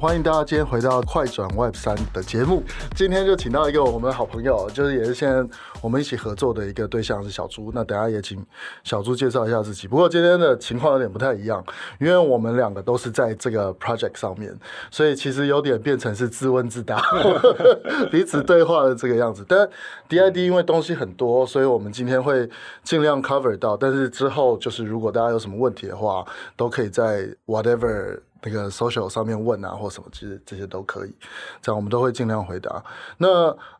歡迎大家今天回到快轉 Web 3的節目。今天就請到一個我們的好朋友，就是也是現在我們一起合作的一個對象是小朱。那等下也請小朱介紹一下自己。不過今天的情況有點不太一樣，因為我們兩個都是在這個 project 上面，所以其實有點變成是自問自答 彼此對話的這個樣子。但 DID 因為東西很多，所以我們今天會盡量 cover 到。但是之後就是如果大家有什麼問題的話，都可以在 whatever。那個 social 上面問啊，或什麼，其實這些都可以，這樣我們都會儘量回答。那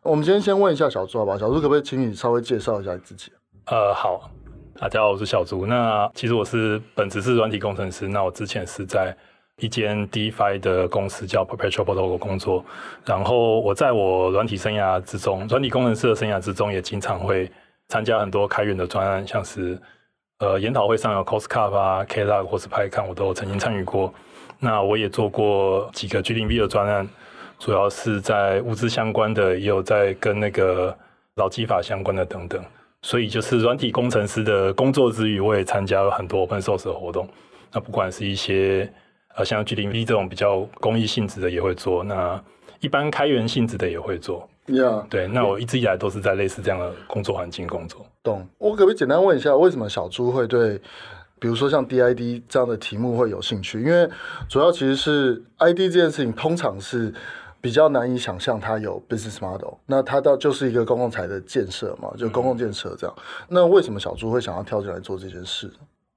我們今天先問一下小朱吧，好不好。小朱，可不可以請你稍微介紹一下你自己？呃，好，啊、大家好，我是小朱。那其實我是本職是軟體工程師。那我之前是在一間 DeFi 的公司叫 Perpetual Protocol 工作。然後我在我軟體生涯之中，軟體工程師的生涯之中，也經常會參加很多開源的專案，像是呃研討會上有 Cost Cup 啊、K Lab 或是 PyCon 看，我都曾經參與過。那我也做過幾個 g0v 的專案，主要是在物資相關的，也有在跟那個勞基法相關的等等。所以就是軟體工程師的工作之餘，我也參加了很多 open source 的活動。那不管是一些呃像 g0v 這種比較公益性質的也會做，那一般開源性質的也會做。Yeah. 對。那我一直以來都是在類似這樣的工作環境工作。懂。我可不可以簡單問一下，為什麼小朱會對比如說像 DID 這樣的題目會有興趣，因為主要其實是 ID 這件事情通常是比較難以想象它有 business model，那它倒就是一個公共財的建設嘛，就公共建設這樣。嗯、那為什麼小朱會想要跳進來做這件事？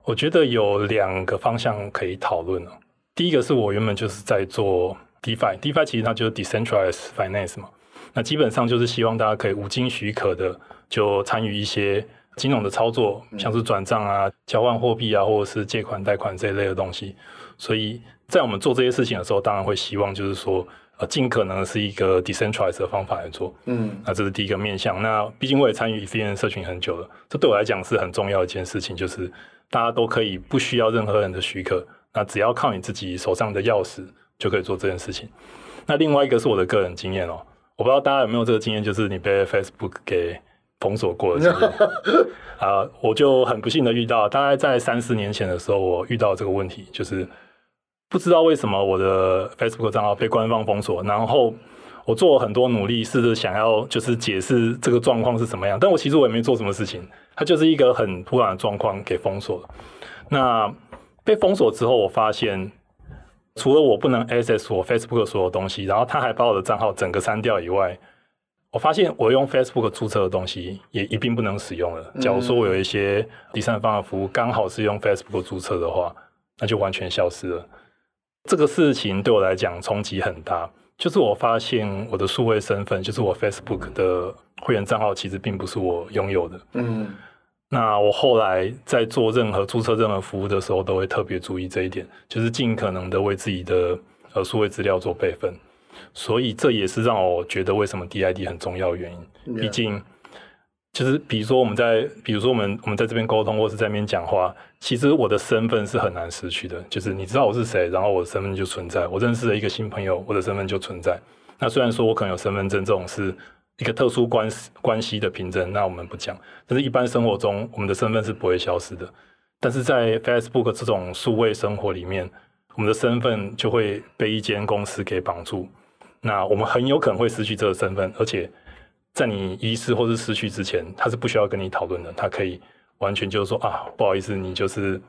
我覺得有兩個方向可以討論了、啊。第一個是我原本就是在做 DeFi，DeFi DeFi 其實它就是 decentralized finance 嘛，那基本上就是希望大家可以無經許可的就參與一些。金融的操作，像是轉賬啊、嗯、交換貨幣啊，或者是借款、貸款這一類的東西，所以在我們做這些事情的時候，當然會希望就是說，呃，盡可能是一個 decentralized 的方法來做。嗯，那這是第一個面向。那畢竟我也參與 Ethereum 社群很久了，這對我來講是很重要的一件事情，就是大家都可以不需要任何人的許可，那只要靠你自己手上的鑰匙就可以做這件事情。那另外一個是我的個人經驗哦、喔，我不知道大家有沒有這個經驗，就是你被 Facebook 給封鎖過的時候，啊、 uh,，我就很不幸的遇到，大概在三四年前的時候，我遇到這個問題，就是不知道為什麼我的 Facebook 賬號被官方封鎖，然後我做了很多努力，試着想要就是解釋這個狀況是什麼樣，但我其實我也沒做什麼事情，它就是一個很突然的狀況給封鎖了。那被封鎖之後，我發現除了我不能 access 我 Facebook 所有東西，然後他還把我的賬號整個刪掉以外。我發現我用 Facebook 註冊的東西也一併不能使用了。假如說我有一些第三方的服務剛好是用 Facebook 註冊的話，那就完全消失了。這個事情對我來講衝擊很大，就是我發現我的數位身份，就是我 Facebook 的會員賬號，其實並不是我擁有的。嗯，那我後來在做任何註冊任何服務的時候，都會特別注意這一點，就是儘可能的為自己的呃數位資料做備份。所以這也是讓我覺得為什麼 DID 很重要的原因。Yeah. 畢竟，就是比如說我們在，比如說我們我們在這邊溝通，或是在這邊講話，其實我的身份是很難失去的。就是你知道我是誰，然後我的身份就存在。我認識了一個新朋友，我的身份就存在。那雖然說我可能有身份證這種是一個特殊關係關係的憑證，那我們不講。但是一般生活中，我們的身份是不會消失的。但是在 Facebook 這種數位生活裡面，我們的身份就會被一間公司給綁住。那我們很有可能會失去這個身份，而且在你遺失或是失去之前，他是不需要跟你討論的，他可以完全就是說啊，不好意思，你就是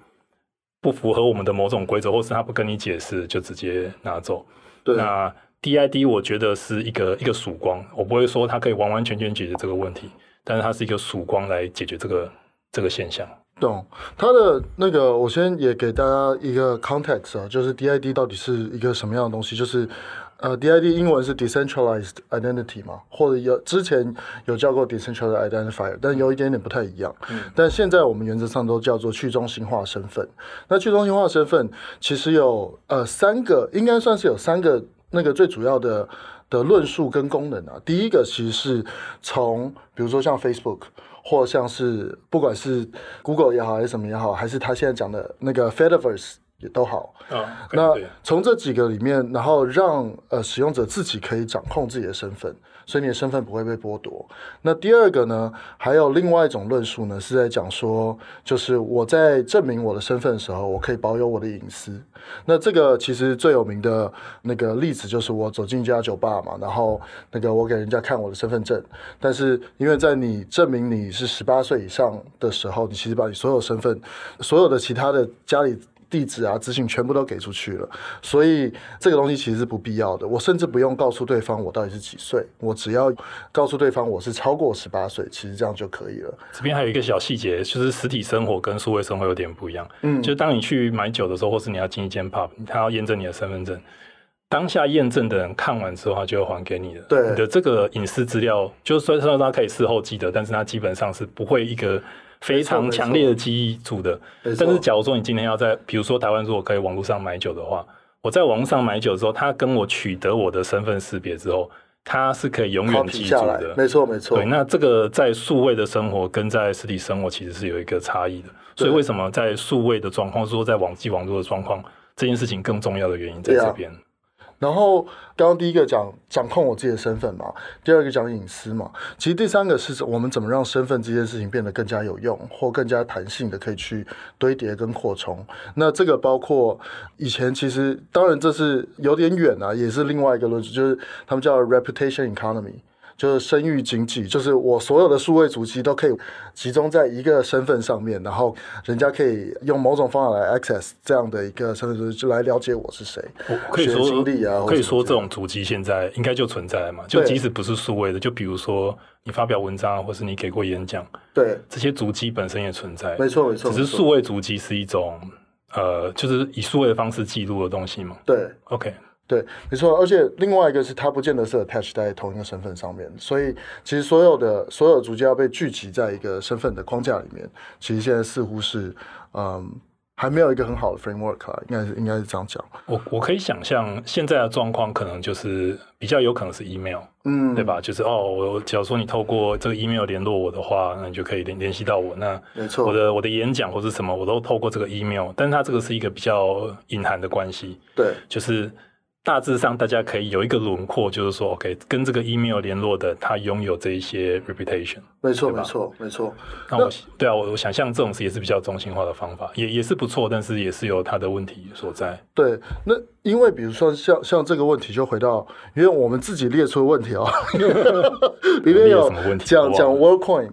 不符合我們的某種規則，或是他不跟你解釋就直接拿走。對，那 DID 我覺得是一個一個曙光，我不會說它可以完完全全解決這個問題，但是它是一個曙光來解決這個這個現象。懂、哦，它的那個我先也給大家一個 context 啊，就是 DID 到底是一個什麼樣的東西，就是。呃、uh,，DID 英文是 Decentralized Identity 嘛，或者有之前有叫過 Decentralized Identifier，但有一點點不太一樣。嗯、但現在我們原則上都叫做去中心化身份。那去中心化身份其實有呃三個，應該算是有三個那個最主要的的論述跟功能啊、嗯。第一個其實是從比如說像 Facebook 或像是不管是 Google 也好還是什麼也好，還是他現在講的那個 Fediverse。也都好啊。Oh, okay, 那從這幾個裡面，然後讓呃使用者自己可以掌控自己的身份，所以你的身份不會被剝奪。那第二個呢，還有另外一種論述呢，是在講說，就是我在證明我的身份的時候，我可以保有我的隱私。那這個其實最有名的那個例子就是我走進一家酒吧嘛，然後那個我給人家看我的身份證，但是因為在你證明你是十八歲以上的時候，你其實把你所有身份、所有的其他的家裡。地址啊，資訊全部都給出去了，所以這個東西其實是不必要的。我甚至不用告訴對方我到底是幾歲，我只要告訴對方我是超過十八歲，其實這樣就可以了。這邊還有一個小細節，就是實體生活跟數位生活有點不一樣。嗯，就是當你去買酒的時候，或是你要進一間 pub，他要驗證你的身份證。當下驗證的人看完之後，他就會還給你的。對，你的這個隱私資料，就是雖然他可以事後記得，但是他基本上是不會一個。非常強烈的記憶住的，但是假如說你今天要在，比如說台灣，如果可以網絡上買酒的話，我在網絡上買酒之後，他跟我取得我的身份識別之後，他是可以永遠記住的。沒錯沒錯。對，那這個在數位的生活跟在實體生活其實是有一個差異的，所以為什麼在數位的狀況，說在網際網絡的狀況，這件事情更重要的原因在這邊。然後，剛剛第一個講掌控我自己的身份嘛，第二個講隱私嘛，其實第三個是，我們怎麼讓身份這件事情變得更加有用或更加彈性的，可以去堆疊跟擴充。那這個包括以前，其實當然這是有點遠啊，也是另外一個論述，就是他們叫 reputation economy。就是生育經濟，就是我所有的數位足跡都可以集中在一個身份上面，然後人家可以用某種方法來 access 這樣的一個，身份。就是、就來了解我是誰。可以說、啊，可以說這種足跡現在應該就存在嘛？就即使不是數位的，就比如說你發表文章，或是你給過演講，對這些足跡本身也存在，沒錯沒錯。只是數位足跡是一種，呃，就是以數位的方式記錄的東西嘛？對。OK。對，沒錯，而且另外一個是它不見得是 attach 在同一個身份上面，所以其實所有的所有組件要被聚集在一個身份的框架裡面，其實現在似乎是嗯還沒有一個很好的 framework，應該是應該是這樣講。我我可以想象現在的狀況可能就是比較有可能是 email，嗯，對吧？就是哦，我假如說你透過這個 email 聯絡我的話，那你就可以聯聯繫到我。那我沒錯，我的我的演講或者什麼我都透過這個 email，但是它這個是一個比較隱含的關係，對，就是。大致上，大家可以有一個輪廓，就是說，OK，跟這個 email 聯絡的，他擁有這一些 reputation 沒。沒錯，沒錯，沒錯。那我那，對啊，我我想象這種事也是比較中心化的方法，也也是不錯，但是也是有他的問題所在。對，那因為比如說像像這個問題，就回到因為我們自己列出的問題啊、哦， 裡面有什麼問題講講 Worldcoin。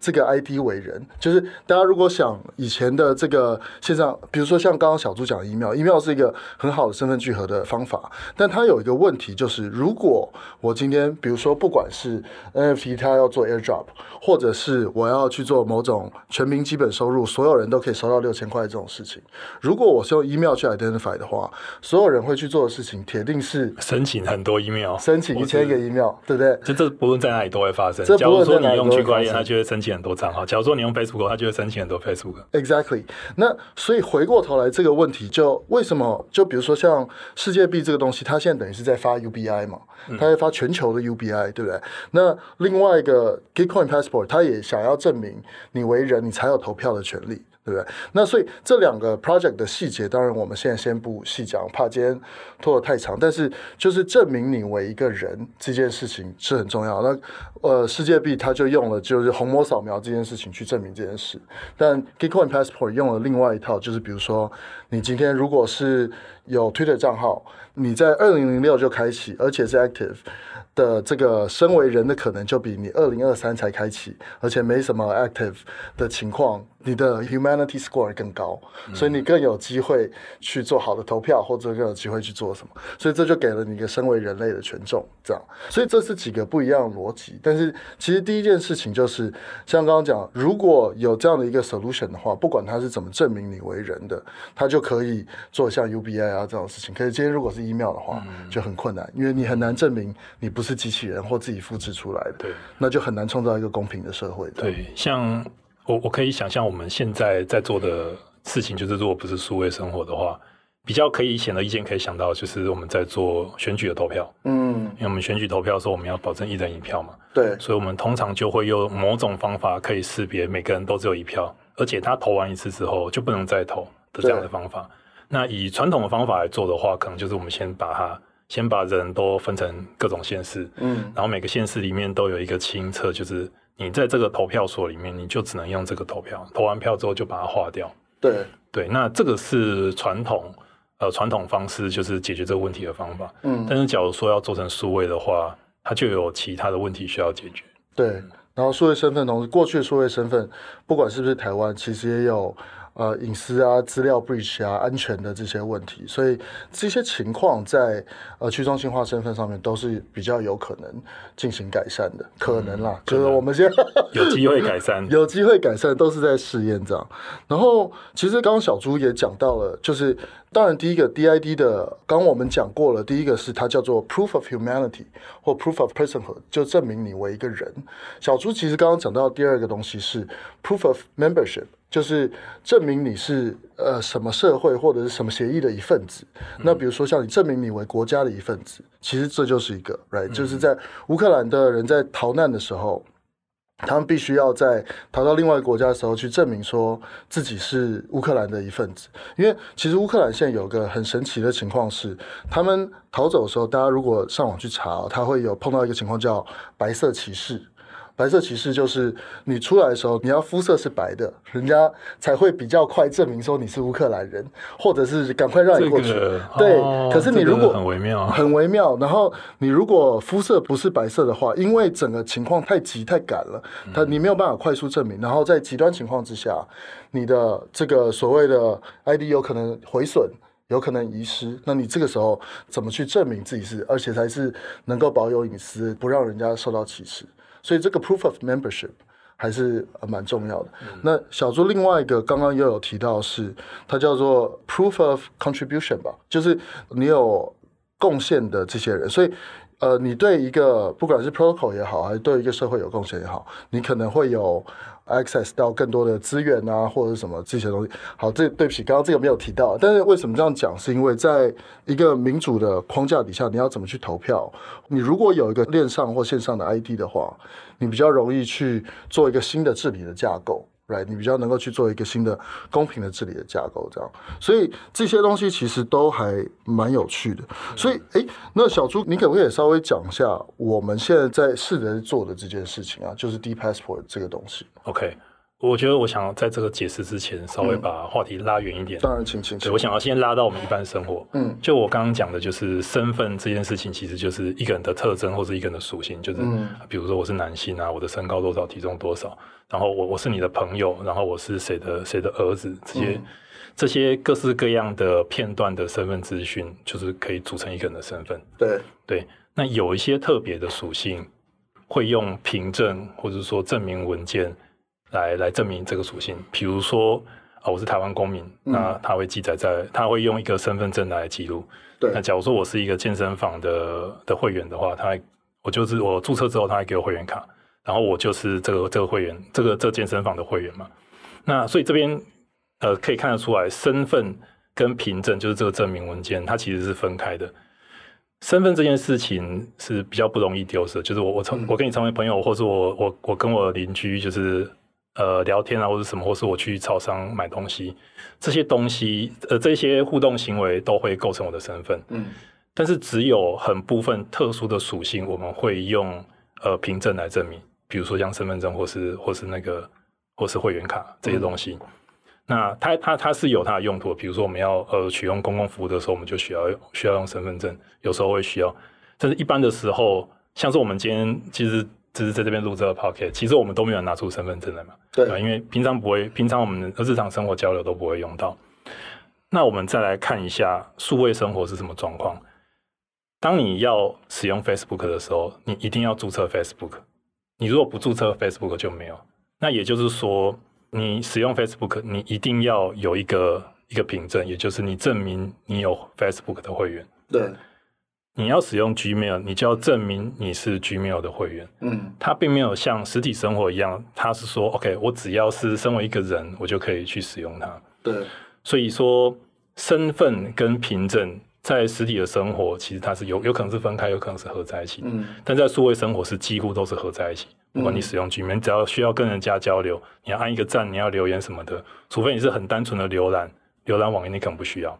這個 ID 為人，就是大家如果想以前的這個線上，比如說像剛剛小朱講的 email，email 是一個很好的身份聚合的方法，但它有一個問題，就是如果我今天，比如說不管是 NFT 他要做 AirDrop，或者是我要去做某種全民基本收入，所有人都可以收到六千塊這種事情，如果我是用 email 去 identify 的話，所有人會去做的事情，鐵定是申請, 1, 申請很多 email，申請 1, 1, 一千個 email，對不對？就這不論在哪裡都會發生，這不論在哪一塊，裡都會發生他就會申請。申請很多賬號，假如說你用 Facebook，他就會申請很多 Facebook。Exactly，那所以回過頭來這個問題，就為什麼？就比如說像世界幣這個東西，它現在等於是在發 UBI 嘛，它在發全球的 UBI，、嗯、對不對？那另外一個 Gitcoin Passport，它也想要證明你為人，你才有投票的權利。對不對？那所以這兩個 project 的細節，當然我們現在先不細講，怕今天拖得太長。但是就是證明你為一個人這件事情是很重要的。那呃，世界幣它就用了就是虹膜掃描這件事情去證明這件事，但 Gitcoin Passport 用了另外一套，就是比如說。你今天如果是有 Twitter 賬號你在二零零六就開啟，而且是 active 的這個身為人的可能就比你二零二三才開啟，而且沒什麼 active 的情況，你的 humanity score 更高，所以你更有機會去做好的投票，或者更有機會去做什麼，所以這就給了你一個身為人類的權重，這樣，所以這是幾個不一樣的邏輯。但是其實第一件事情就是，像剛剛講，如果有這樣的一個 solution 的話，不管他是怎麼證明你為人的，他就可以做像 UBI 啊，這種事情，可是今天如果是 Email 的話、嗯、就很困難，因為你很難證明你不是機器人或自己複製出來的，對、嗯，那就很難創造一個公平的社會。對，對，像我，我可以想象我們現在在做的事情，就是如果不是數位生活的話，比較可以顯而易見可以想到，就是我們在做選舉的投票，嗯，因為我們選舉投票的時候，我們要保證一人一票嘛，對，所以我們通常就會用某種方法可以識別每個人都只有一票，而且他投完一次之後就不能再投。的這樣的方法，那以傳統的方法來做的話，可能就是我們先把它先把人都分成各種縣市。嗯，然後每個縣市裡面都有一個清冊，就是你在這個投票所裡面，你就只能用這個投票，投完票之後就把它劃掉。對對，那這個是傳統呃傳統方式，就是解決這個問題的方法。嗯，但是假如說要做成數位的話，它就有其他的問題需要解決。對，然後數位身份同過去的數位身份，不管是不是台灣，其實也有。呃，隱私啊，資料 breach 啊，安全的這些問題，所以這些情況在呃去中心化身份上面都是比較有可能進行改善的。嗯、可能啦可能，就是我們先有機會改善， 有機會改善，都是在試驗這樣。然後，其實剛剛小朱也講到了，就是當然第一個 DID 的，剛剛我們講過了，第一個是它叫做 proof of humanity 或 proof of personhood，就證明你為一個人。小朱其實剛剛講到第二個東西是 proof of membership。就是證明你是呃什麼社會或者是什麼協議的一份子。那比如說像你證明你為國家的一份子，其實這就是一個，right？就是在烏克蘭的人在逃難的時候，他們必須要在逃到另外一個國家的時候去證明說自己是烏克蘭的一份子。因為其實烏克蘭現在有個很神奇的情況是，他們逃走的時候，大家如果上網去查，他會有碰到一個情況叫“白色歧視”。白色歧視就是你出來的時候，你要膚色是白的，人家才會比較快證明說你是烏克蘭人，或者是趕快讓你過去，這個。對，可是你如果很微妙，這個、很微妙。然後你如果膚色不是白色的話，因為整個情況太急太趕了，他、嗯、你沒有辦法快速證明。然後在極端情況之下，你的這個所謂的 ID 有可能毀損，有可能遺失。那你這個時候怎麼去證明自己是，而且才是能夠保有隱私，不讓人家受到歧視？所以這個 proof of membership 還是呃蠻重要的。嗯、那小朱另外一個剛剛又有提到是，它叫做 proof of contribution 吧，就是你有貢獻的這些人。所以呃，你對一個不管是 protocol 也好，還是對一個社會有貢獻也好，你可能會有。access 到更多的資源啊，或者是什麼這些東西。好，這對不起，剛剛這個沒有提到。但是為什麼這樣講？是因為在一個民主的框架底下，你要怎麼去投票？你如果有一個鏈上或線上的 ID 的話，你比較容易去做一個新的治理的架構。Right, 你比較能夠去做一個新的公平的治理的架構，這樣，所以這些東西其實都還蠻有趣的。Mm -hmm. 所以，誒、欸，那小朱，你可不可以稍微講一下我們現在在試着做的這件事情啊，就是 Deep Passport 這個東西？OK。我覺得我想要在這個解釋之前，稍微把話題拉遠一點。嗯，當然，請請請。我想要先拉到我們一般生活。嗯。就我剛剛講的，就是身份這件事情，其實就是一個人的特徵，或者一個人的屬性，就是比如說我是男性啊，我的身高多少，體重多少，然後我我是你的朋友，然後我是誰的誰的兒子，這些，嗯，這些各式各樣的片段的身份資訊，就是可以組成一個人的身份。對對。那有一些特別的屬性，會用憑證或者說證明文件。來來證明這個屬性，比如說，哦，我是台灣公民，嗯，那他會記載在，他會用一個身份證來記錄。對，那假如說我是一個健身房的的會員的話，他還我就是我註冊之後，他還給我會員卡，然後我就是這個這個會員，這個這個，健身房的會員嘛。那所以這邊呃，可以看得出來，身份跟憑證就是這個證明文件，它其實是分開的。身份這件事情是比較不容易丟失，就是我我從我跟你成為朋友，嗯，或者我我我跟我的鄰居就是。呃，聊天啊，或者什麼，或是我去超商買東西，這些東西，呃，這些互動行為都會構成我的身份。嗯，但是只有很部分特殊的屬性，我們會用呃憑證來證明，比如說像身份證，或是或是那個或是會員卡這些東西。嗯。那它它它是有它的用途的，比如說我們要呃取用公共服務的時候，我們就需要需要用身份證，有時候會需要。但是一般的時候，像是我們今天其實。只是在這邊錄這個 pocket，其實我們都沒有拿出身份證來嘛，對，因為平常不會，平常我們日常生活交流都不會用到。那我們再來看一下數位生活是什麼狀況。當你要使用 Facebook 的時候，你一定要註冊 Facebook。你如果不註冊 Facebook 就沒有。那也就是說，你使用 Facebook，你一定要有一個一個憑證，也就是你證明你有 Facebook 的會員。對。你要使用 Gmail，你就要證明你是 Gmail 的會員。嗯，它並沒有像實體生活一樣，它是說 OK，我只要是身為一個人，我就可以去使用它。對，所以說身份跟憑證在實體的生活，其實它是有有可能是分開，有可能是合在一起。嗯，但在數位生活是幾乎都是合在一起。如果你使用 Gmail，只要需要跟人家交流，你要按一個讚，你要留言什麼的，除非你是很單純的瀏覽瀏覽網頁，你可能不需要。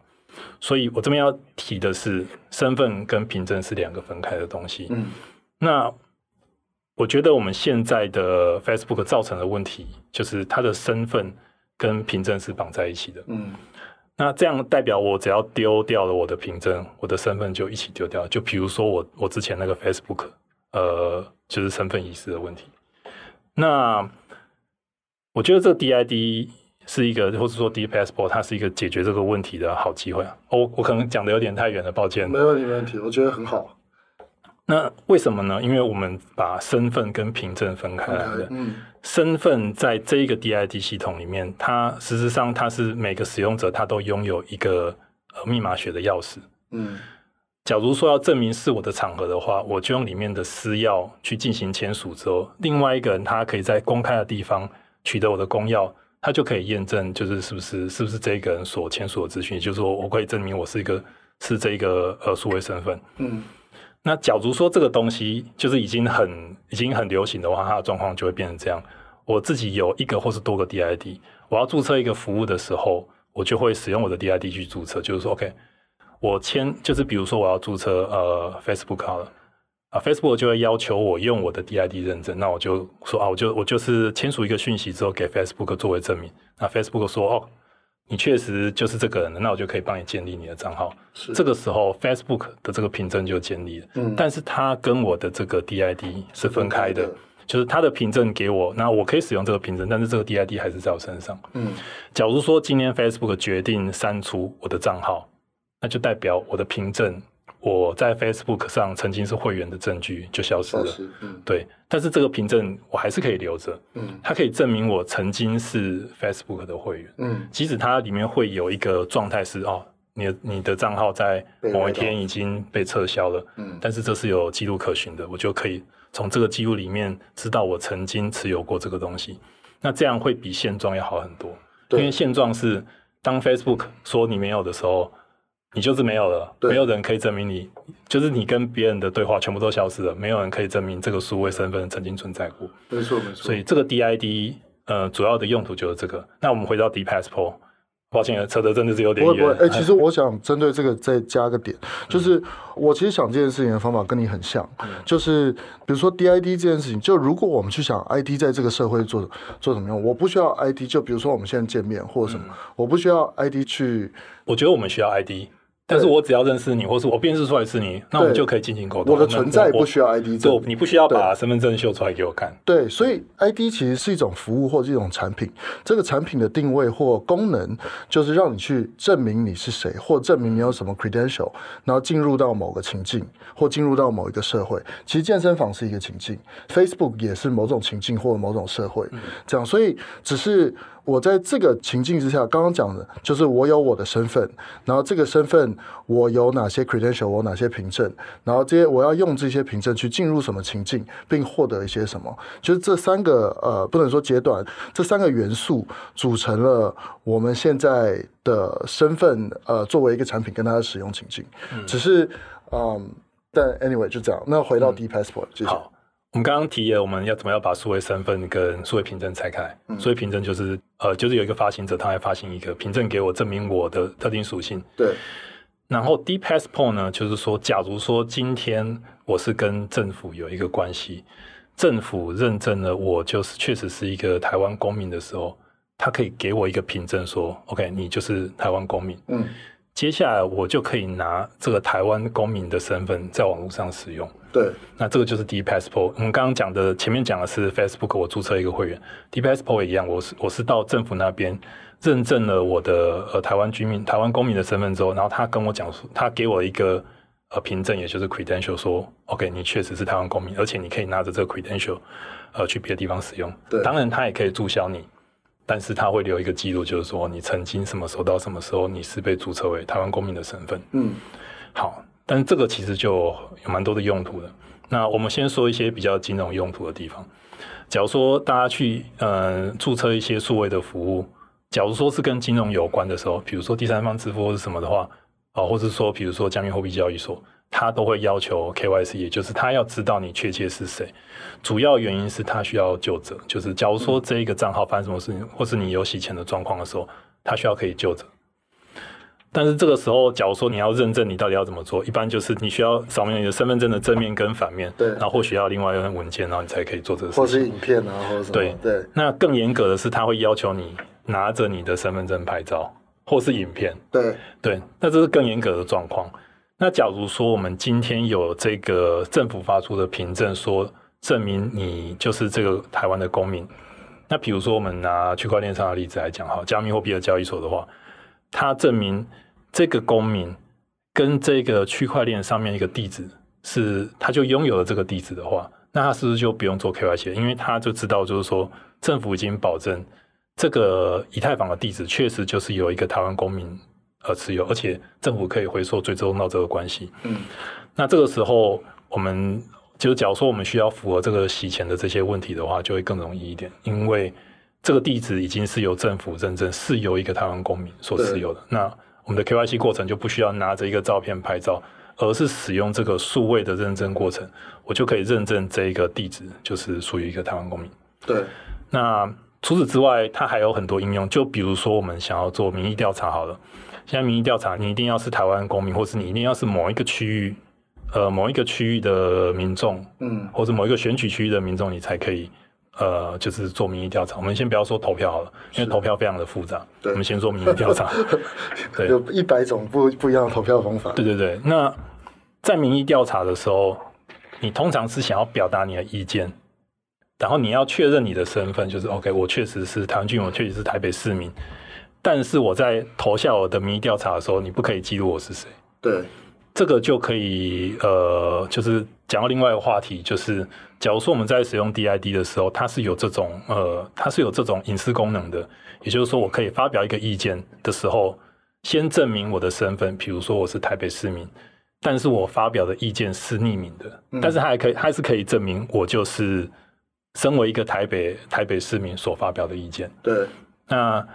所以，我這邊要提的是，身份跟憑證是兩個分開的東西。嗯。那我覺得我們現在的 Facebook 造成的問題，就是它的身份跟憑證是綁在一起的。嗯，那這樣代表我只要丟掉了我的憑證，我的身份就一起丟掉。就比如說我我之前那個 Facebook，呃，就是身份遺失的問題。那我覺得這個 DID 是一個，或者說 D passport，它是一個解決這個問題的好機會。我、oh, 我可能講的有點太遠了，抱歉。沒問題，沒問題，我覺得很好。那為什麼呢？因為我們把身份跟憑證分開來了。Okay, 嗯，身份在這個 DID 系統裡面，它事實上它是每個使用者他都擁有一個呃密碼學的鑰匙。嗯，假如說要證明是我的場合的話，我就用裡面的私鑰去進行簽署之後，另外一個人他可以在公開的地方取得我的公鑰。他就可以驗證，就是是不是是不是這個人所簽署的資訊，也就是說，我可以證明我是一個是這個呃數位身份。嗯，那假如說這個東西就是已經很已經很流行的話，它的狀況就會變成這樣：我自己有一個或是多個 DID，我要注冊一個服務的時候，我就會使用我的 DID 去注冊，就是說，OK，我簽就是比如說我要注冊呃 Facebook 好了。啊，Facebook 就會要求我用我的 DID 認證，那我就說啊，我就我就是簽署一個訊息之後，給 Facebook 作為證明。那 Facebook 說哦，你確實就是這個人，那我就可以幫你建立你的賬號。是，這個時候 Facebook 的這個憑證就建立了。嗯。但是它跟我的這個 DID 是分開的，嗯、對的，就是它的憑證給我，那我可以使用這個憑證，但是這個 DID 還是在我身上。嗯。假如說今天 Facebook 決定刪除我的賬號，那就代表我的憑證。我在 Facebook 上曾經是會員的證據就消失了，嗯、對，但是這個憑證我還是可以留着，嗯，它可以證明我曾經是 Facebook 的會員。嗯，即使它裡面會有一個狀態是哦，你的你的賬號在某一天已經被撤銷了，嗯，但是這是有記錄可循的，嗯，我就可以從這個記錄裡面知道我曾經持有過這個東西。那這樣會比現狀要好很多，對，因為現狀是當 Facebook 說你沒有的時候。你就是沒有了，沒有人可以證明你，就是你跟別人的對話全部都消失了，沒有人可以證明這個數位身份曾經存在過。沒錯，沒錯。所以這個 DID，呃，主要的用途就是這個。那我們回到 D Passport，抱歉，扯得真的是有點遠。哎、欸，其實我想針對這個再加個點、哎，就是我其實想這件事情的方法跟你很像、嗯，就是比如說 DID 這件事情，就如果我們去想 ID 在這個社會做做什麼用，我不需要 ID，就比如說我們現在見面或者什麼、嗯，我不需要 ID 去，我覺得我們需要 ID。但是我只要認識你，或是我辨識出來是你，那我們就可以進行溝通。我的存在不需要 ID，就你不需要把身份證秀出來給我看。對。對，所以 ID 其實是一種服務或是一種產品。這個產品的定位或功能，就是讓你去證明你是誰，或證明你有什麼 credential，然後進入到某個情境，或進入到某一個社會。其實健身房是一個情境，Facebook 也是某種情境或某種社會。這樣，所以只是。我在這個情境之下，剛剛講的就是我有我的身份，然後這個身份我有哪些 credential，我有哪些憑證，然後這些我要用這些憑證去進入什麼情境，並獲得一些什麼。就是這三個呃不能說階段，這三個元素組成了我們現在的身份呃作為一個產品跟它的使用情境。嗯，只是嗯，呃，但 anyway 就這樣。那回到 D passport，嗯，謝謝。我們剛剛提了，我們要怎麼樣把數位身份跟數位憑證拆開？嗯、數位憑證就是呃，就是有一個發行者，他來發行一個憑證給我，證明我的特定屬性。對。然後 D passport 呢，就是說，假如說今天我是跟政府有一個關係，政府認證了我就是確實是一個台灣公民的時候，他可以給我一個憑證說，說 OK，你就是台灣公民。嗯。接下來我就可以拿這個台灣公民的身份在網絡上使用。對，那這個就是 D passport。我們剛剛講的前面講的是 Facebook，我注冊一個會員，D passport 也一樣。我是我是到政府那邊認證了我的呃台灣居民、台灣公民的身份之後，然後他跟我講，他給我一個呃憑證，也就是 credential，說 OK，你確實是台灣公民，而且你可以拿着這個 credential，呃，去別的地方使用。對，當然他也可以註銷你。但是他會留一個記錄，就是說你曾經什麼時候到什麼時候你是被注冊為台灣公民的身份。嗯，好，但這個其實就有蠻多的用途的。那我們先說一些比較金融用途的地方。假如說大家去嗯、呃，注冊一些數位的服務，假如說是跟金融有關的時候，比如說第三方支付或是什麼的話，啊、哦，或者說比如說加密貨幣交易所。他都會要求 KYC，也就是他要知道你確切是誰。主要原因是他需要究責，就是假如說這一個賬號發生什麼事情，嗯，或是你有洗錢的狀況的時候，他需要可以究責。但是這個時候，假如說你要認證，你到底要怎麼做？一般就是你需要掃描你的身份證的正面跟反面，對，然後或許要另外一份文件，然後你才可以做這個事情，或是影片啊，或者什麼。對對，那更嚴格的是，他會要求你拿着你的身份證拍照，或是影片。對對，那這是更嚴格的狀況。那假如說我們今天有這個政府發出的憑證，說證明你就是這個台灣的公民，那比如說我們拿區塊鏈上的例子來講，哈，加密貨幣的交易所的話，它證明這個公民跟這個區塊鏈上面一個地址是，他就擁有了這個地址的話，那他是不是就不用做 KYC？因為他就知道，就是說政府已經保證這個以太坊的地址確實就是有一個台灣公民，而持有，而且政府可以回溯，最終到這個關係。嗯，那這個時候，我們就假如說我們需要符合這個洗錢的這些問題的話，就會更容易一點，因為這個地址已經是由政府認證，是由一個台灣公民所持有的。那我們的 KYC 過程就不需要拿着一個照片拍照，而是使用這個數位的認證過程，我就可以認證這一個地址就是屬於一個台灣公民。對，那。除此之外，它還有很多應用。就比如說，我們想要做民意調查好了。現在民意調查，你一定要是台灣公民，或是你一定要是某一個區域，呃，某一個區域的民眾，嗯，或者某一個選舉區域的民眾，你才可以，呃，就是做民意調查。我們先不要說投票好了，因為投票非常的複雜。我們先做民意調查。對，有一百種不不一樣的投票方法。對對對。那在民意調查的時候，你通常是想要表達你的意見。然後你要確認你的身份，就是 OK，我確實是唐俊，我確實是台北市民。但是我在投下我的民意調查的時候，你不可以記錄我是誰。對，這個就可以。呃，就是講到另外一個話題，就是假如說我們在使用 DID 的時候，它是有這種呃，它是有這種隱私功能的。也就是說，我可以發表一個意見的時候，先證明我的身份，比如說我是台北市民，但是我發表的意見是匿名的，嗯、但是還可以還是可以證明我就是。身為一個台北台北市民所發表的意見，對，那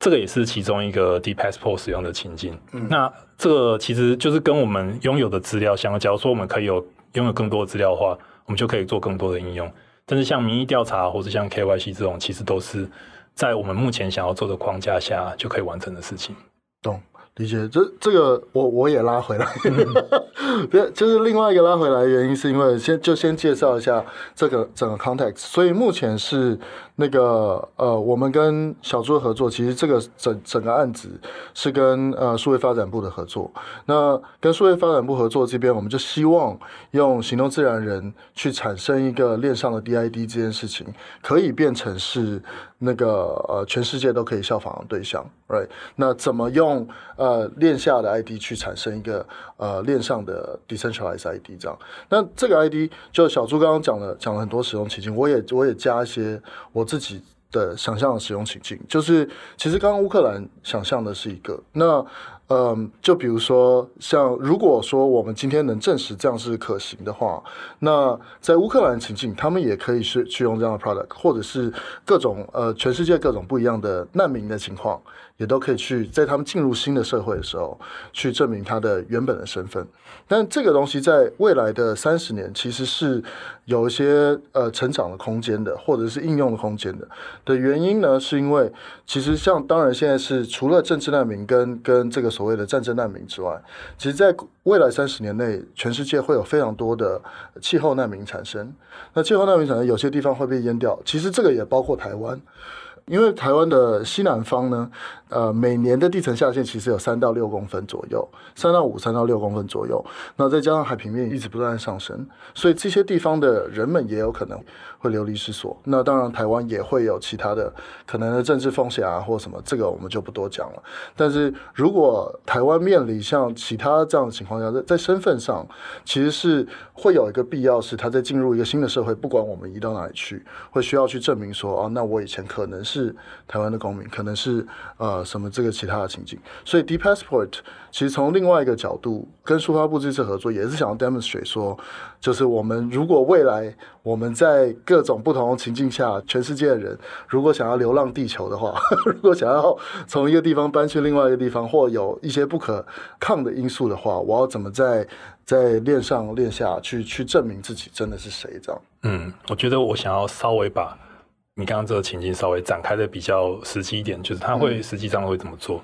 這個也是其中一個 D passport 使用的情境。嗯、那這個其實就是跟我們擁有的資料相關。假如說我們可以有擁有更多的資料的話，我們就可以做更多的應用。但是像民意調查或者像 KYC 這種，其實都是在我們目前想要做的框架下就可以完成的事情。懂、嗯。理解，這這個我我也拉回來，別 就是另外一個拉回來原因，是因為先就先介紹一下這個整個 context。所以目前是那個呃，我們跟小豬合作，其實這個整整個案子是跟呃數位發展部的合作。那跟數位發展部合作這邊，我們就希望用行動自然人去產生一個鏈上的 DID 這件事情，可以變成是。那個呃，全世界都可以效仿的對象，right？那怎麼用呃鏈下的 ID 去產生一個呃鏈上的 decentralized ID？這樣，那這個 ID 就小朱剛剛講了，講了很多使用情境，我也我也加一些我自己的想象的使用情境，就是其實剛剛烏克蘭想象的是一個那。嗯、um，就比如說，像如果說我們今天能證實這樣是可行的話，那在烏克蘭情境，他們也可以是去用這樣的 product，或者是各種呃，全世界各種不一樣的難民的情況。也都可以去，在他們進入新的社會的時候，去證明他的原本的身份。但這個東西在未來的三十年，其實是有一些呃成長的空間的，或者是應用的空間的，的原因呢，是因為其實像當然現在是除了政治難民跟跟這個所謂的戰爭難民之外，其實在未來三十年內，全世界會有非常多的氣候難民產生。那氣候難民產生，有些地方會被淹掉。其實這個也包括台灣，因為台灣的西南方呢。呃，每年的地層下陷其實有三到六公分左右，三到五、三到六公分左右。那再加上海平面一直不斷上升，所以這些地方的人們也有可能會流離失所。那當然，台灣也會有其他的可能的政治風險啊，或什麼，這個我們就不多講了。但是，如果台灣面臨像其他這樣的情況下，在身份上其實是會有一個必要，是他在進入一個新的社會，不管我們移到哪裡去，會需要去證明說，啊、哦，那我以前可能是台灣的公民，可能是呃。什麼這個其他的情境，所以 Deep Passport 其實從另外一個角度跟數發部這次合作，也是想要 demonstrate 說，就是我們如果未來我們在各種不同情境下，全世界的人如果想要流浪地球的話，呵呵如果想要從一個地方搬去另外一個地方，或有一些不可抗的因素的話，我要怎麼在在鏈上鏈下去去證明自己真的是誰這樣？嗯，我覺得我想要稍微把。你剛剛這個情境稍微展開的比較實際一點，就是他會實際上會怎麼做？嗯。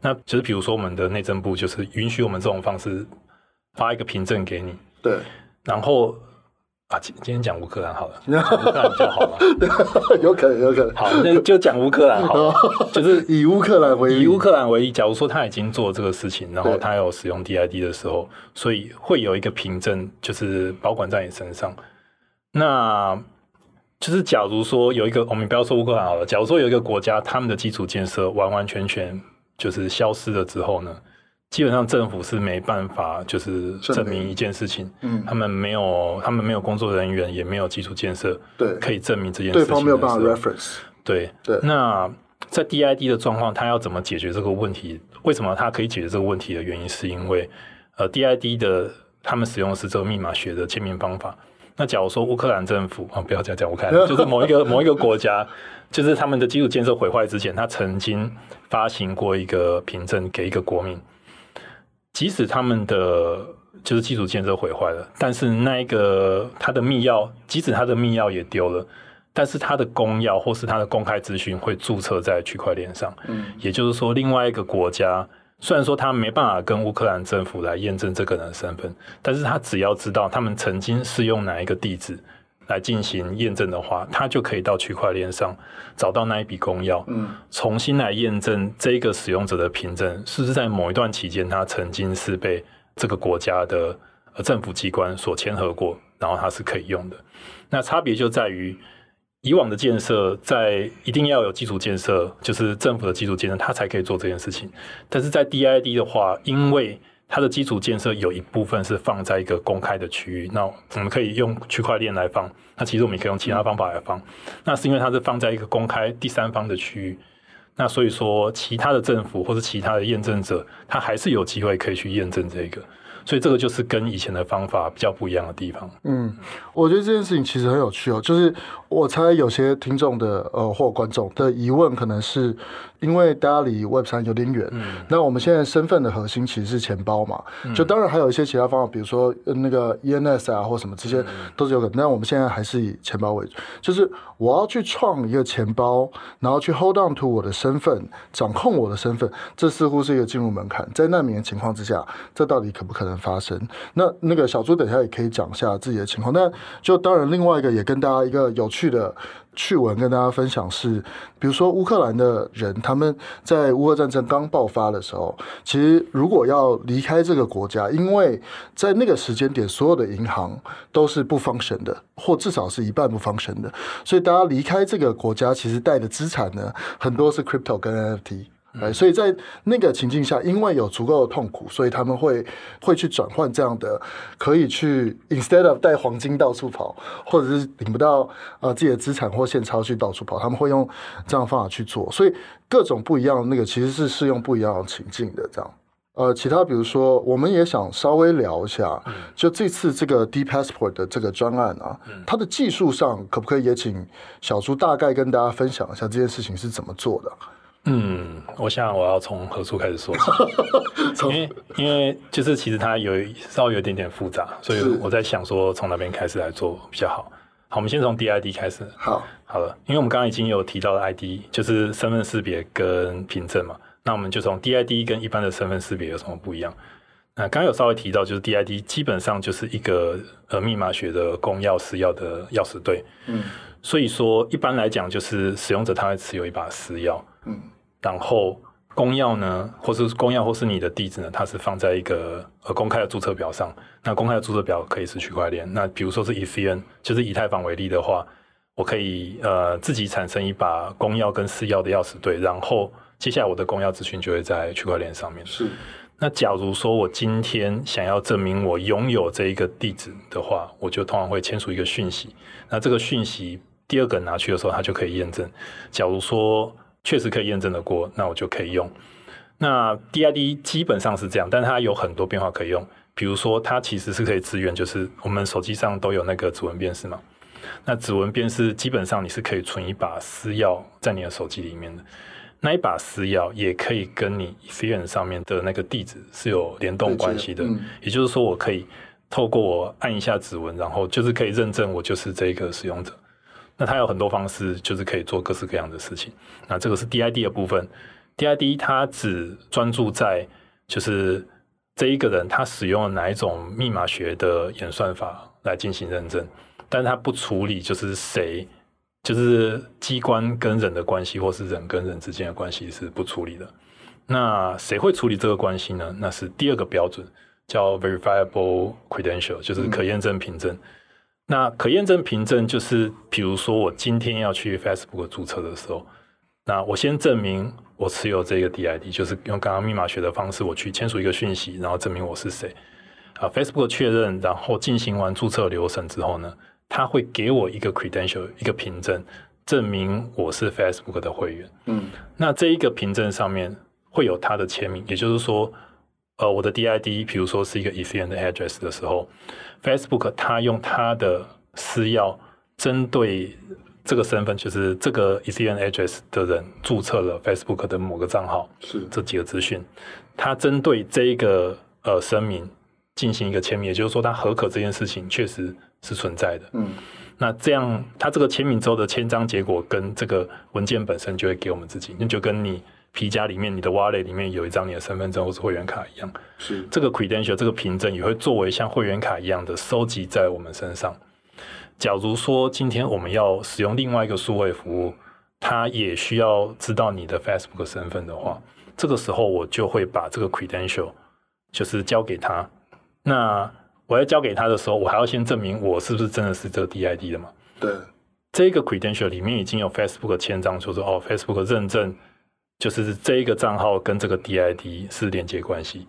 那就是比如說，我們的內政部就是允許我們這種方式發一個憑證給你，對。然後啊，今今天講烏克蘭好了，那 就好了， 有可能，有可能。好，那 就講烏克蘭好了， 就是以烏克蘭為例。以烏克蘭為例，假如說他已經做這個事情，然後他有使用 DID 的時候，所以會有一個憑證，就是保管在你身上。那。就是，假如說有一個，我們不要說烏克蘭好了。假如說有一個國家，他們的基礎建設完完全全就是消失了之後呢，基本上政府是沒辦法就是證明一件事情。嗯，他們沒有，他們沒有工作人員，也沒有基礎建設，對，可以證明這件事情。對方沒有辦法 reference。對對。那在 DID 的狀況，他要怎麼解決這個問題？為什麼他可以解決這個問題的原因，是因為呃，DID 的他們使用的是這個密碼學的簽名方法。那假如說烏克蘭政府啊、哦，不要這樣講，我 看就是某一個某一個國家，就是他們的基礎建設毀壞之前，他曾經發行過一個憑證給一個國民，即使他們的就是基礎建設毀壞了，但是那一個他的密鑰，即使他的密鑰也丟了，但是他的公鑰或是他的公開資訊會註冊在區塊鏈上，嗯，也就是說另外一個國家。雖然說他沒辦法跟烏克蘭政府來驗證這個人的身份，但是他只要知道他們曾經是用哪一個地址來進行驗證的話，他就可以到區塊鏈上找到那一筆公鑰，重新來驗證這個使用者的憑證是不是在某一段期間他曾經是被這個國家的政府機關所簽核過，然後他是可以用的。那差別就在於。以往的建設在一定要有基礎建設，就是政府的基礎建設，它才可以做這件事情。但是在 DID 的話，因為它的基礎建設有一部分是放在一個公開的區域，那我們可以用區塊鏈來放，那其實我們也可以用其他方法來放。嗯。那是因為它是放在一個公開第三方的區域，那所以說其他的政府或者其他的驗證者，他還是有機會可以去驗證這個。所以這個就是跟以前的方法比較不一樣的地方。嗯，我覺得這件事情其實很有趣哦。就是我猜有些聽眾的呃或觀眾的疑問，可能是因為大家離 Web 三有點遠，嗯。那我們現在身份的核心其實是錢包嘛，嗯。就當然還有一些其他方法，比如說那個 ENS 啊或什麼這些都是有可能、嗯。但我們現在還是以錢包為主。就是我要去創一個錢包，然後去 Hold on to 我的身份，掌控我的身份，這似乎是一個進入門檻。在難民的情況之下，這到底可不可能？發生，那那個小朱等一下也可以講一下自己的情況。那就當然，另外一個也跟大家一個有趣的趣聞跟大家分享是，比如說烏克蘭的人他們在烏克蘭戰爭剛爆發的時候，其實如果要離開這個國家，因為在那個時間點所有的銀行都是不 function，的，或至少是一半不 function 的，所以大家離開這個國家，其實帶的資產呢很多是 crypto 跟 NFT。所以在那個情境下，因為有足夠的痛苦，所以他們會會去轉換這樣的，可以去 instead of 帶黃金到處跑，或者是領不到啊、呃、自己的資產或現鈔去到處跑，他們會用這樣方法去做。所以各種不一樣的那個其實是適用不一樣的情境的。這樣，呃，其他比如說，我們也想稍微聊一下，就這次這個 Depassport 的這個專案啊，它的技術上可不可以也請小朱大概跟大家分享一下這件事情是怎麼做的？嗯，我想我要從何處開始說？ 因為 因為就是其實它有稍微有一點點複雜，所以我在想說從哪邊開始來做比較好。好，我們先從 DID 開始。好，好了，因為我們剛剛已經有提到了 ID，就是身份識別跟憑證嘛。那我們就從 DID 跟一般的身份識別有什麼不一樣？那剛有稍微提到，就是 DID 基本上就是一個呃密碼學的公鑰私鑰的鑰匙對。嗯，所以說一般來講，就是使用者他會持有一把私鑰。嗯，然後公鑰呢，或是公鑰，或是你的地址呢，它是放在一個呃公開的註冊表上。那公開的註冊表可以是區塊鏈。那比如說是以 C N，就是以太坊為例的話，我可以呃自己產生一把公鑰跟私鑰的鑰匙對，然後接下來我的公鑰資訊就會在區塊鏈上面。是。那假如說我今天想要證明我擁有這一個地址的話，我就通常會簽署一個訊息。那這個訊息，第二個人拿去的時候，他就可以驗證。假如說。確實可以驗證得過，那我就可以用。那 DID 基本上是這樣，但它有很多變化可以用。比如說，它其實是可以支援，就是我們手機上都有那個指紋辨識嘛。那指紋辨識基本上你是可以存一把私鑰在你的手機裡面的，那一把私鑰也可以跟你資源上面的那個地址是有聯動關係的。嗯、也就是說，我可以透過我按一下指紋，然後就是可以認證我就是這個使用者。那它有很多方式，就是可以做各式各樣的事情。那這個是 DID 的部分。DID 它只專注在就是這一個人他使用了哪一種密碼學的演算法來進行認證，但是它不處理就是誰就是機關跟人的關係，或是人跟人之間的關係是不處理的。那誰會處理這個關係呢？那是第二個標準叫 Verifiable Credential，就是可驗證憑證。嗯那可驗證憑證就是，比如說我今天要去 Facebook 註冊的時候，那我先證明我持有這個 DID，就是用剛剛密碼學的方式，我去簽署一個訊息，然後證明我是誰啊。Facebook 確認，然後進行完註冊流程之後呢，他會給我一個 credential，一個憑證，證明我是 Facebook 的會員。嗯，那這一個憑證上面會有他的簽名，也就是說。呃，我的 DID，比如說是一個 E C N 的 address 的時候，Facebook 它用它的私鑰針對這個身份，就是這個 E C N address 的人注冊了 Facebook 的某個賬號，是這幾個資訊，它針對這一個呃聲明進行一個簽名，也就是說它合可這件事情確實是存在的。嗯，那這樣它這個簽名之後的簽章結果跟這個文件本身就會給我們自己，那就跟你。皮夾裡面，你的 wallet 裡面有一張你的身份證或者會員卡一樣，是這個 credential 這個憑證也會作為像會員卡一樣的收集在我們身上。假如說今天我們要使用另外一個數位服務，它也需要知道你的 Facebook 身份的話，這個時候我就會把這個 credential 就是交給他。那我要交給他的時候，我還要先證明我是不是真的是這個 DID 的嘛？對，這個 credential 裡面已經有 Facebook 簽章，就是說，哦，Facebook 認證。就是這一個賬號跟這個 DID 是連接關係。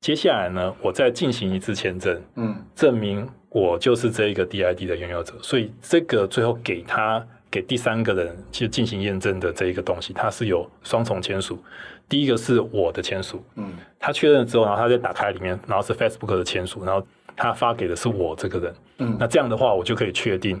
接下來呢，我再進行一次簽證，嗯，證明我就是這一個 DID 的擁有者。所以這個最後給他給第三個人去進行驗證的這一個東西，它是有雙重簽署。第一個是我的簽署，嗯，他確認之後，然後他再打開裡面，然後是 Facebook 的簽署，然後他發給的是我這個人，嗯，那這樣的話我就可以確定。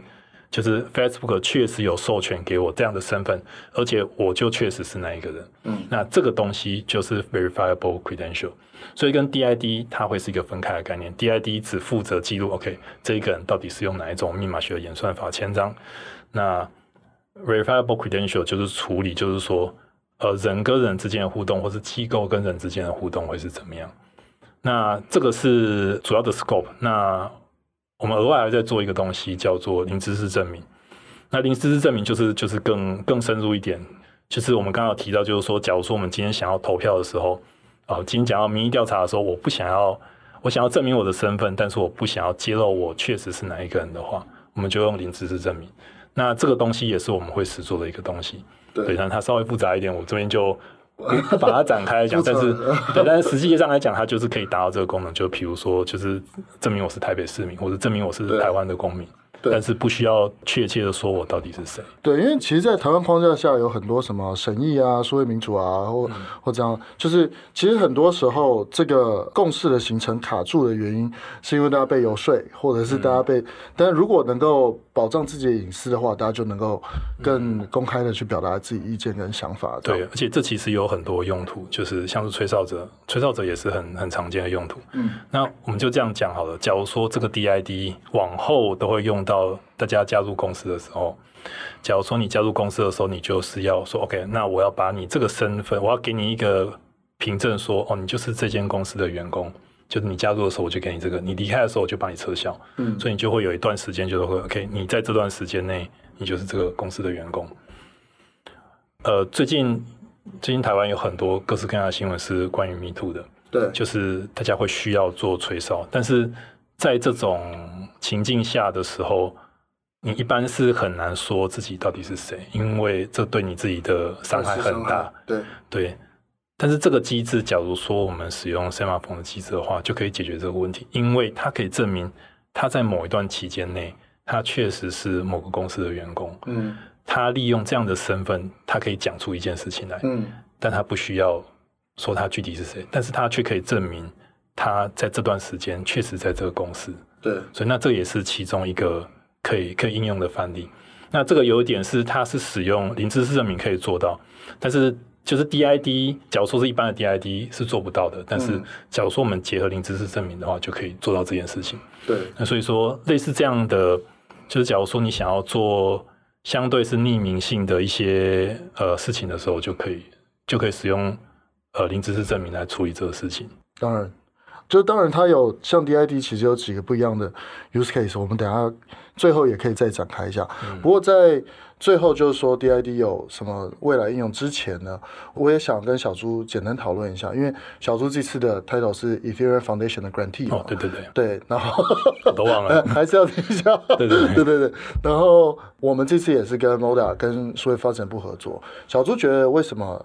就是 Facebook 確實有授權給我這樣的身份，而且我就確實是那一個人。嗯，那這個東西就是 verifiable credential，所以跟 DID 它會是一個分開的概念。DID 只負責記錄 OK，這一個人到底是用哪一種密碼學的演算法簽章。那 verifiable credential 就是處理，就是說呃人跟人之間的互動，或是機構跟人之間的互動會是怎麼樣。那這個是主要的 scope。那我們額外還在做一個東西，叫做零知識證明。那零知識證明就是就是更更深入一點，就是我們剛剛提到，就是說，假如說我們今天想要投票的時候，啊，今天講到民意調查的時候，我不想要，我想要證明我的身份，但是我不想要揭露我確實是哪一個人的話，我們就用零知識證明。那這個東西也是我們會實做的一個東西。對，但它稍微複雜一點，我們這邊就。不 把它展開來講，但是，對，但是實際上來講，它就是可以達到這個功能，就比如說，就是證明我是台北市民，或者證明我是台灣的公民。對，但是不需要確切的說我到底是誰。對，因為其實，在台灣框架下，有很多什麼審議啊、所謂民主啊，或、嗯、或這樣，就是其實很多時候這個共識的形成卡住的原因，是因為大家被遊說，或者是大家被。嗯、但如果能夠保障自己的隱私的話，大家就能夠更公開的去表達自己意見跟想法。對，而且這其實有很多用途，就是像是吹哨者，吹哨者也是很很常見的用途。嗯，那我們就這樣講好了。假如說這個 DID 往後都會用。到大家加入公司的時候，假如說你加入公司的時候，你就是要說 OK，那我要把你這個身份，我要給你一個憑證說，說哦，你就是這間公司的員工。就是你加入的時候，我就給你這個；你離開的時候，我就把你撤銷、嗯。所以你就會有一段時間，就會 OK。你在這段時間內，你就是這個公司的員工。呃，最近最近台灣有很多各式各樣的新聞是關於 MeToo 的，對，就是大家會需要做吹哨，但是。在這種情境下的時候，你一般是很難說自己到底是誰，因為這對你自己的傷害很大。但對，對但是這個機制，假如說我們使用 o 馬峰的機制的話，就可以解決這個問題，因為它可以證明他在某一段期間內，他確實是某個公司的員工。嗯、它他利用這樣的身份，他可以講出一件事情來。嗯、但他不需要說他具體是誰，但是他卻可以證明。他在這段時間確實在這個公司，對，所以那這也是其中一個可以可以應用的範例。那這個有一點是，它是使用零知識證明可以做到，但是就是 DID，假如說是一般的 DID 是做不到的，嗯，但是假如說我們結合零知識證明的話，就可以做到這件事情。對，那所以說類似這樣的，就是假如說你想要做相對是匿名性的一些呃事情的時候，就可以就可以使用呃零知識證明來處理這個事情。當然。就當然，它有像 DID，其實有幾個不一樣的 use case，我們等下最後也可以再展開一下，嗯。不過在最後就是說 DID 有什麼未來應用之前呢，我也想跟小朱簡單討論一下，因為小朱這次的 title 是 Ethereum Foundation 的 Grantee，對、哦、對對對，對，然後都忘了， 還是要聽一下， 對對對，對對對，然後我們這次也是跟 MODA 跟數位發展部合作，小朱覺得為什麼？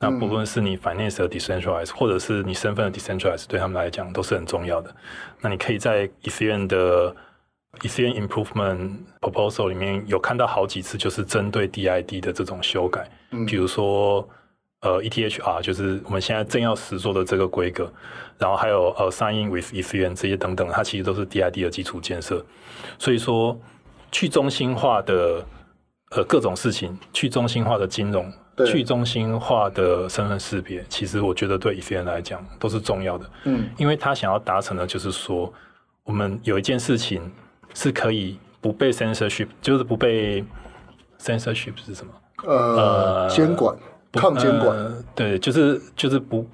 那不論是你 finance 的 decentralize，、嗯、或者是你身份的 decentralize，對他們來講都是很重要的。那你可以在 Ethereum 的 Ethereum Improvement Proposal 裡面有看到好幾次，就是針對 DID 的這種修改。嗯。比如說，呃，ETHR 就是我們現在正要實做的這個規格，然後還有呃，Sign in with Ethereum 這些等等，它其實都是 DID 的基礎建設。所以說，去中心化的呃各種事情，去中心化的金融。去中心化的身份識別，其實我覺得對以色列人來講都是重要的。嗯、因為他想要達成的，就是說，我們有一件事情是可以不被 censorship，就是不被 censorship 是什麼？呃，監管，呃、抗監管、呃。對，就是就是不，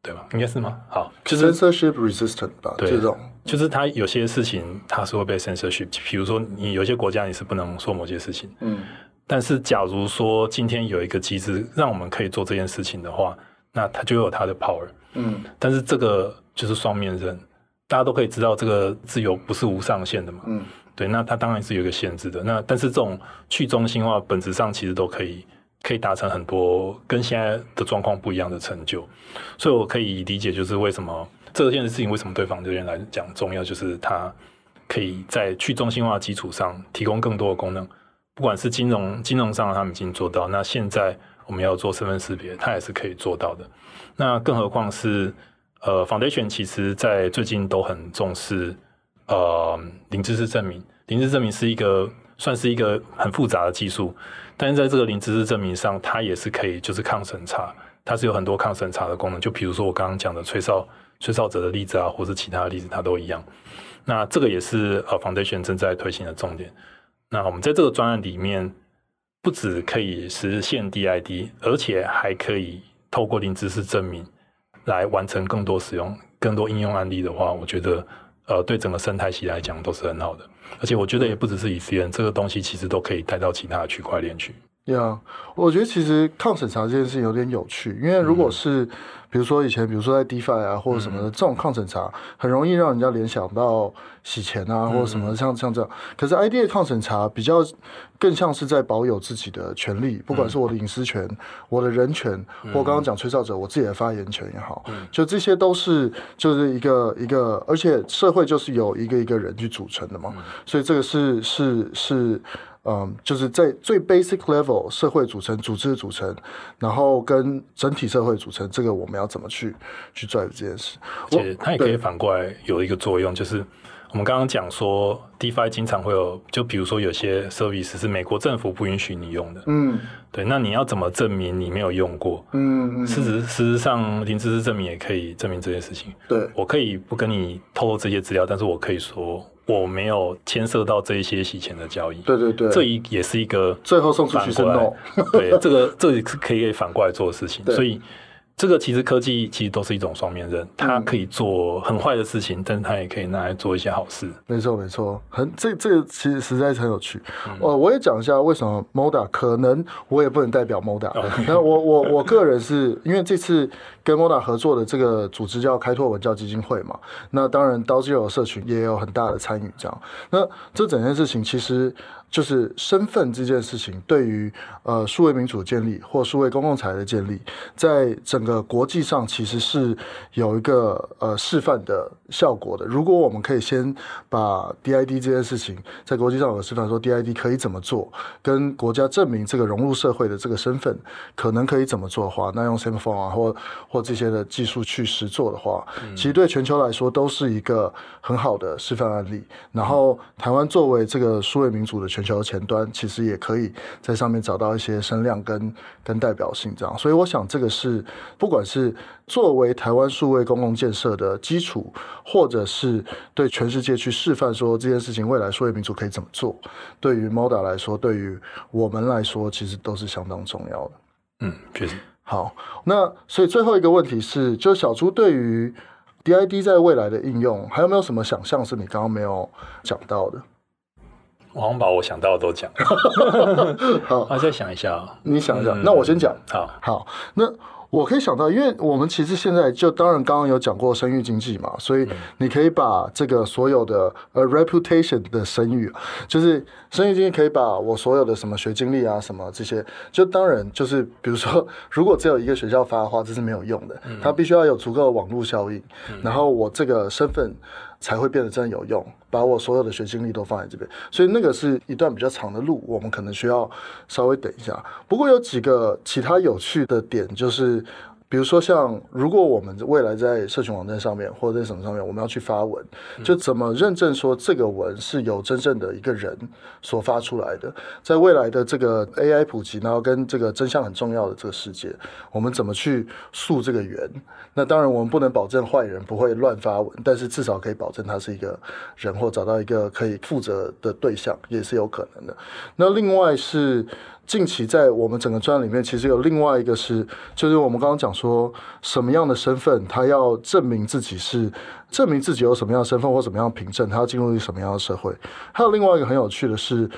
對吧？應該是嗎？好，就是 censorship resistant 吧。對，就是、這種就是他有些事情他是會被 censorship，比如說你有些國家你是不能說某些事情。嗯。但是，假如說今天有一個機制讓我們可以做這件事情的話，那它就會有它的 power。嗯，但是這個就是雙面刃，大家都可以知道，這個自由不是無上限的嘛。嗯，對，那它當然是有一個限制的。那但是這種去中心化本質上其實都可以可以達成很多跟現在的狀況不一樣的成就，所以我可以理解，就是為什麼這個、件事情為什麼對坊間來講重要，就是它可以在去中心化基礎上提供更多的功能。不管是金融金融上，他們已經做到。那現在我們要做身份識別，它也是可以做到的。那更何況是呃，Foundation 其實，在最近都很重視呃零知識證明。零知識證明是一個算是一個很複雜的技術，但是在這個零知識證明上，它也是可以就是抗審查，它是有很多抗審查的功能。就比如說我剛剛講的吹哨吹哨者的例子啊，或者其他的例子，它都一樣。那這個也是呃 Foundation 正在推行的重點。那我們在這個專案裡面，不止可以實現 DID，而且還可以透過零知識證明來完成更多使用、更多應用案例的話，我覺得，呃，對整個生態系來講都是很好的。而且我覺得也不只是以私人這個東西，其實都可以帶到其他的區塊鏈去。對啊，我覺得其實抗審查這件事有點有趣，因為如果是、嗯。比如說以前，比如說在 DeFi 啊或者什麼的，嗯、這種抗審查很容易讓人家聯想到洗錢啊、嗯、或者什麼的，像像這樣。可是 ID 的抗審查比較更像是在保有自己的權利、嗯，不管是我的隱私權、我的人權，嗯、或剛剛講吹哨者我自己的發言權也好，嗯、就這些都是就是一個一個，而且社會就是由一個一個人去組成的嘛，嗯、所以這個是是是。是嗯、um，就是在最 basic level 社會組成、組織的組成，然後跟整體社會組成，這個我們要怎麼去去抓住這件事？而且它也可以反過來有一個作用，作用就是我們剛剛講說，DeFi 經常會有，就比如說有些 service 是美國政府不允許你用的，嗯，對，那你要怎麼證明你沒有用過？嗯嗯，事實事實上，零知識證明也可以證明這件事情。對，我可以不跟你透露這些資料，但是我可以說。我沒有牽涉到這一些洗錢的交易，對對對，這一也是一個反過來最後送出去是 no 對，這個這也是可以反過來做的事情，所以。這個其實科技其實都是一種雙面刃，它可以做很壞的事情，但它也可以拿來做一些好事。沒錯，沒錯，很這這個、其實實在是很有趣。我、嗯呃、我也講一下為什麼 MODA，可能我也不能代表 MODA，、okay. 那我我我個人是因為這次跟 MODA 合作的這個組織叫開拓文教基金會嘛，那當然刀之友社群也有很大的參與。這樣，那這整件事情其實。就是身份這件事情對，對於呃數位民主建立或數位公共財的建立，在整個國際上其實是有一個呃示範的效果的。如果我們可以先把 DID 這件事情在國際上有示範，說 DID 可以怎麼做，跟國家證明這個融入社會的這個身份可能可以怎麼做的話，那用 Semaphore 啊或或這些的技術去實做的話，其實對全球來說都是一個很好的示範案例。然後台灣作為這個數位民主的全。全球前端其實也可以在上面找到一些聲量跟跟代表性這樣，所以我想這個是不管是作為台灣數位公共建設的基礎，或者是對全世界去示範說，這件事情未來數位民主可以怎麼做，對於 MODA 來說，對於我們來說，其實都是相當重要的。嗯，確實。好，那所以最後一個問題是，就小朱對於 DID 在未來的應用，還有沒有什麼想象是你剛剛沒有講到的？王寶，我想到的都講， 好，我 再想一下，你想一想、嗯，那我先講、嗯，好，好，那我可以想到，因為我們其實現在就當然剛剛有講過聲譽經濟嘛，所以你可以把這個所有的呃 reputation 的聲譽，就是聲譽經濟可以把我所有的什麼學經歷啊什麼這些，就當然就是比如說，如果只有一個學校發的話，這是沒有用的，它、嗯、必須要有足夠的網絡效應，然後我這個身份。才會變得真的有用，把我所有的學經歷都放在這邊，所以那個是一段比較長的路，我們可能需要稍微等一下。不過有幾個其他有趣的點就是。比如說，像如果我們未來在社群網站上面或者在什麼上面，我們要去發文，就怎麼認證說，這個文是由真正的一個人所發出來的？在未來的這個 AI 普及，然後跟這個真相很重要的這個世界，我們怎麼去溯這個源？那當然，我們不能保證壞人不會亂發文，但是至少可以保證他是一個人或找到一個可以負責的對象，也是有可能的。那另外是。近期在我們整個專案裡面，其實有另外一個是，就是我們剛剛講說，什麼樣的身份，他要證明自己是，證明自己有什麼樣的身份或怎麼樣的憑證，他要進入一個什麼樣的社會。還有另外一個很有趣的是，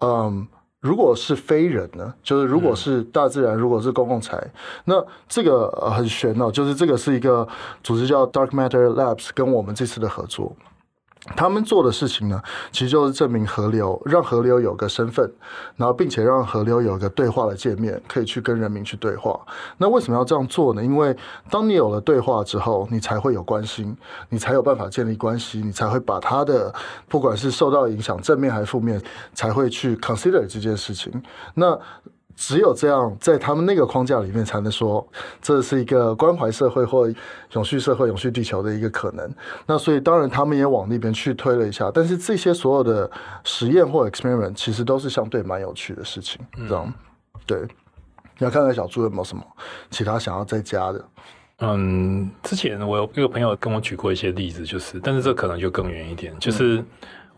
嗯，如果是非人呢，就是如果是大自然，嗯、如果是公共財，那這個很玄哦、喔，就是這個是一個組織叫 Dark Matter Labs，跟我們這次的合作。他們做的事情呢，其實就是證明河流，讓河流有個身份，然後並且讓河流有一個對話的界面，可以去跟人民去對話。那為什麼要這樣做呢？因為當你有了對話之後，你才會有關心，你才有辦法建立關係，你才會把他的不管是受到影響正面還是負面，才會去 consider 這件事情。那只有這樣，在他們那個框架裡面，才能說這是一個關懷社會或永續社會、永續地球的一個可能。那所以，當然他們也往那邊去推了一下。但是這些所有的實驗或 experiment 其實都是相對蠻有趣的事情，這、嗯、樣，對。你要看看小豬有沒有什麼其他想要再加的？嗯，之前我有一個朋友跟我舉過一些例子，就是，但是這可能就更遠一點，就是。嗯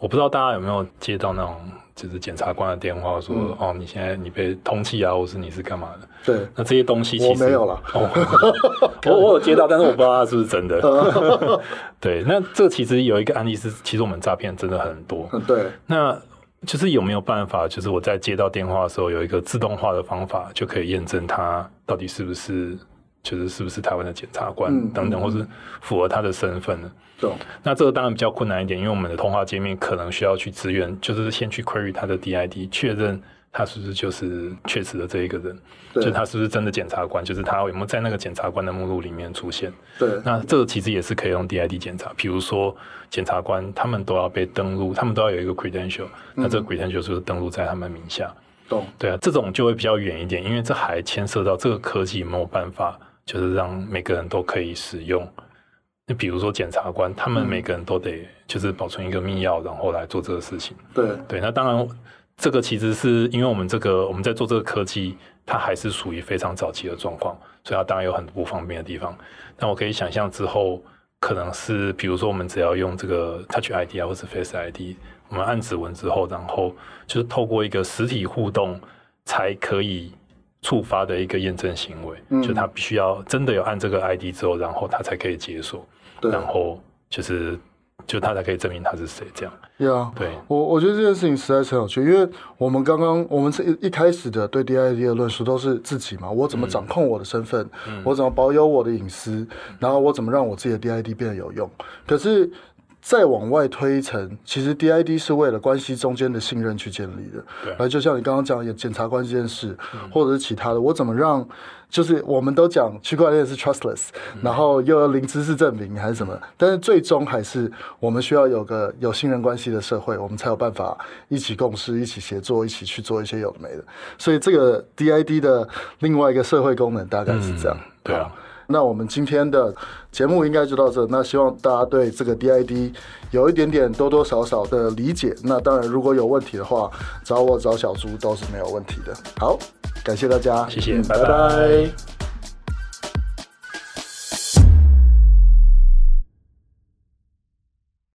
我不知道大家有沒有接到那種，就是檢察官的電話說，說、嗯、哦，你現在你被通緝啊，或是你是幹嘛的？對，那這些東西其實我沒有了。哦、 我我有接到，但是我不知道是不是真的。 對，那這其實有一個案例是，其實我們詐騙真的很多、嗯。對，那就是有沒有辦法，就是我在接到電話的時候，有一個自動化的方法，就可以驗證它到底是不是。就是是不是台灣的檢察官等等、嗯嗯，或是符合他的身份呢？懂、嗯。那這個當然比較困難一點，因為我們的通話界面可能需要去支援，就是先去 query 他的 DID，確認他是不是就是確實的這一個人。對。就他是不是真的檢察官？就是他有沒有在那個檢察官的目錄裡面出現？對。那這個其實也是可以用 DID 檢查。比如說檢察官他們都要被登錄，他們都要有一個 credential，、嗯、那這個 credential 就是，是登錄在他們名下。懂、嗯。對啊，這種就會比較遠一點，因為這還牽涉到這個科技有沒有辦法。就是讓每個人都可以使用。那比如說檢察官、嗯，他們每個人都得就是保存一個密鑰，嗯、然後來做這個事情。對對，那當然這個其實是因為我們這個我們在做這個科技，它還是屬於非常早期的狀況，所以它當然有很多不方便的地方。那我可以想象之後可能是，比如說我們只要用這個 Touch ID 或者 Face ID，我們按指紋之後，然後就是透過一個實體互動才可以。觸發的一個驗證行為，嗯、就他必須要真的有按這個 ID 之後，然後他才可以解鎖，然後就是就他才可以證明他是誰這樣。Yeah, 對啊，對，我我覺得這件事情實在是很有趣，因為我們剛剛我們是一,一開始的對 DID 的論述都是自己嘛，我怎麼掌控我的身份、嗯，我怎麼保有我的隱私、嗯，然後我怎麼讓我自己的 DID 變得有用？可是。再往外推一層，其實 DID 是為了關係中間的信任去建立的。對。而就像你剛剛講檢察官這件事、嗯，或者是其他的，我怎麼讓？就是我們都講區塊鏈是 trustless，、嗯、然後又要零知識證明還是什麼、嗯？但是最終還是我們需要有個有信任關係的社會，我們才有辦法一起共識、一起協作、一起去做一些有的沒的。所以這個 DID 的另外一個社會功能大概是這樣，嗯、對啊。那我們今天的節目應該就到這。那希望大家對這個 DID 有一點點多多少少的理解。那當然，如果有問題的話，找我找小朱都是沒有問題的。好，感謝大家，謝謝，嗯、拜拜。拜拜。